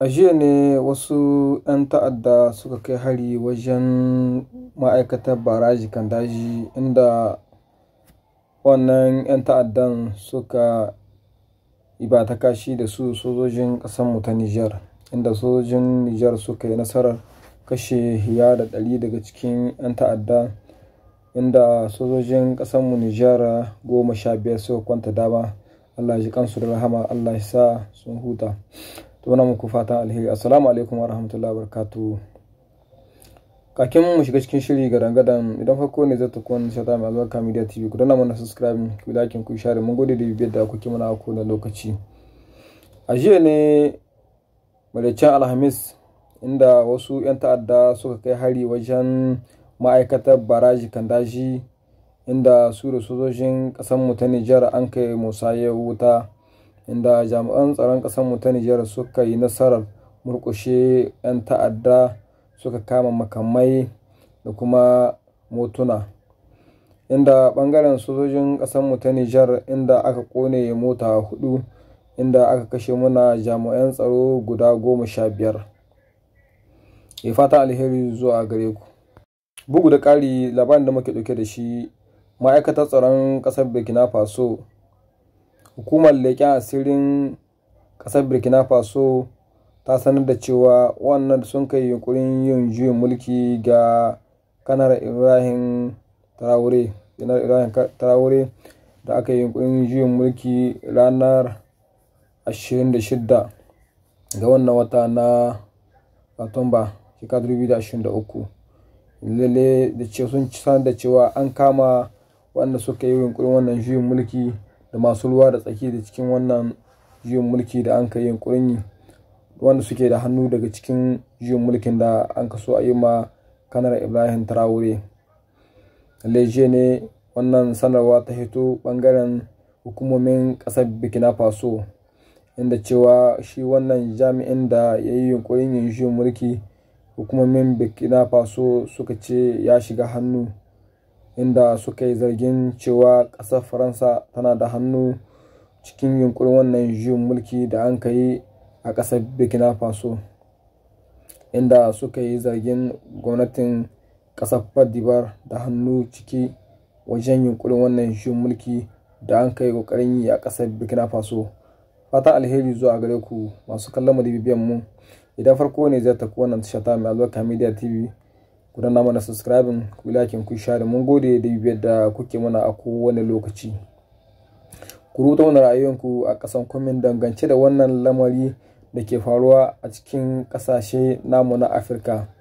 A jiya ne wasu ‘yan ta'adda suka kai hari wajen ma'aikatar baraji kan daji inda wannan ‘yan ta'addan suka yi ba ta kashi da su sojojin ƙasarmu ta Nijar, inda sojojin Nijar suka yi nasarar kashe hiya da ɗari daga cikin ‘yan ta'adda inda sojojin ƙasarmu Nijar goma sha biyar suka kwanta dama. Allah ji kansu da rahama, Allah sa sun huta. tona muku fatan alheri assalamu alaikum wa rahmatullahi wa barakatuh kakin mu shiga cikin shiri ga dangadan idan farko ne zai ta kun shata mai albarka media tv ku dana mana subscribe ku like ku share mun gode da bibiyar da kuke mana ko da lokaci a jiya ne maraicen alhamis inda wasu 'yan ta'adda suka kai hari wajen ma'aikatar baraji kandaji inda su da sojojin ƙasar mu ta nijar an kai musayar wuta inda jami'an tsaron mu ta Nijar suka yi nasarar murƙushe 'yan ta'adda suka kama makamai da kuma motuna inda ɓangaren sojojin mu ta Nijar inda aka ƙone mota hudu inda aka kashe muna jami'an tsaro guda goma sha biyar ya fata alheri zuwa gare ku bugu da ƙari labarin da muke ɗauke da shi ma'aikatar tsaron ƙasar burkina faso hukumar leƙen asirin ƙasar burkina faso ta sanar da cewa wannan sun kai yunkurin yin juyin mulki ga kanar ibrahim traore janar ibrahim traore da aka yi yunkurin juyin mulki ranar 26 ga wannan wata na satumba 2023 lalle da ce sun sanar da cewa an kama wanda suka yi yunkurin wannan juyin mulki da masu ruwa da tsaki da cikin wannan juyin mulki da an ka yin wanda suke da hannu daga cikin juyin mulkin da an ka so a yi ma kanar ibrahim traore leje ne wannan sanarwa ta hito bangaren hukumomin kasar burkina faso inda cewa shi wannan jami'in da ya yi yunkurin yin juyin mulki hukumomin burkina faso suka ce ya shiga hannu inda suka yi zargin cewa ƙasar faransa tana da hannu cikin yunkurin wannan juyin mulki da an ka yi a ƙasar burkina faso inda suka yi zargin gwamnatin ƙasar fadibar da hannu ciki wajen yunkurin wannan juyin mulki da an yi ƙoƙarin yi a ƙasar burkina faso fatan alheri zuwa gare ku masu kallon mu da mu idan farko ne zai tafi wannan tashata mai albarka media tv ku danna mana subscribe ku lakin ku share mun gode da bibiyar da kuke mana a kowane lokaci ku rubuta mana ra'ayoyinku a ƙasan kwamin dangance da wannan lamari da ke faruwa a cikin ƙasashe namu na afirka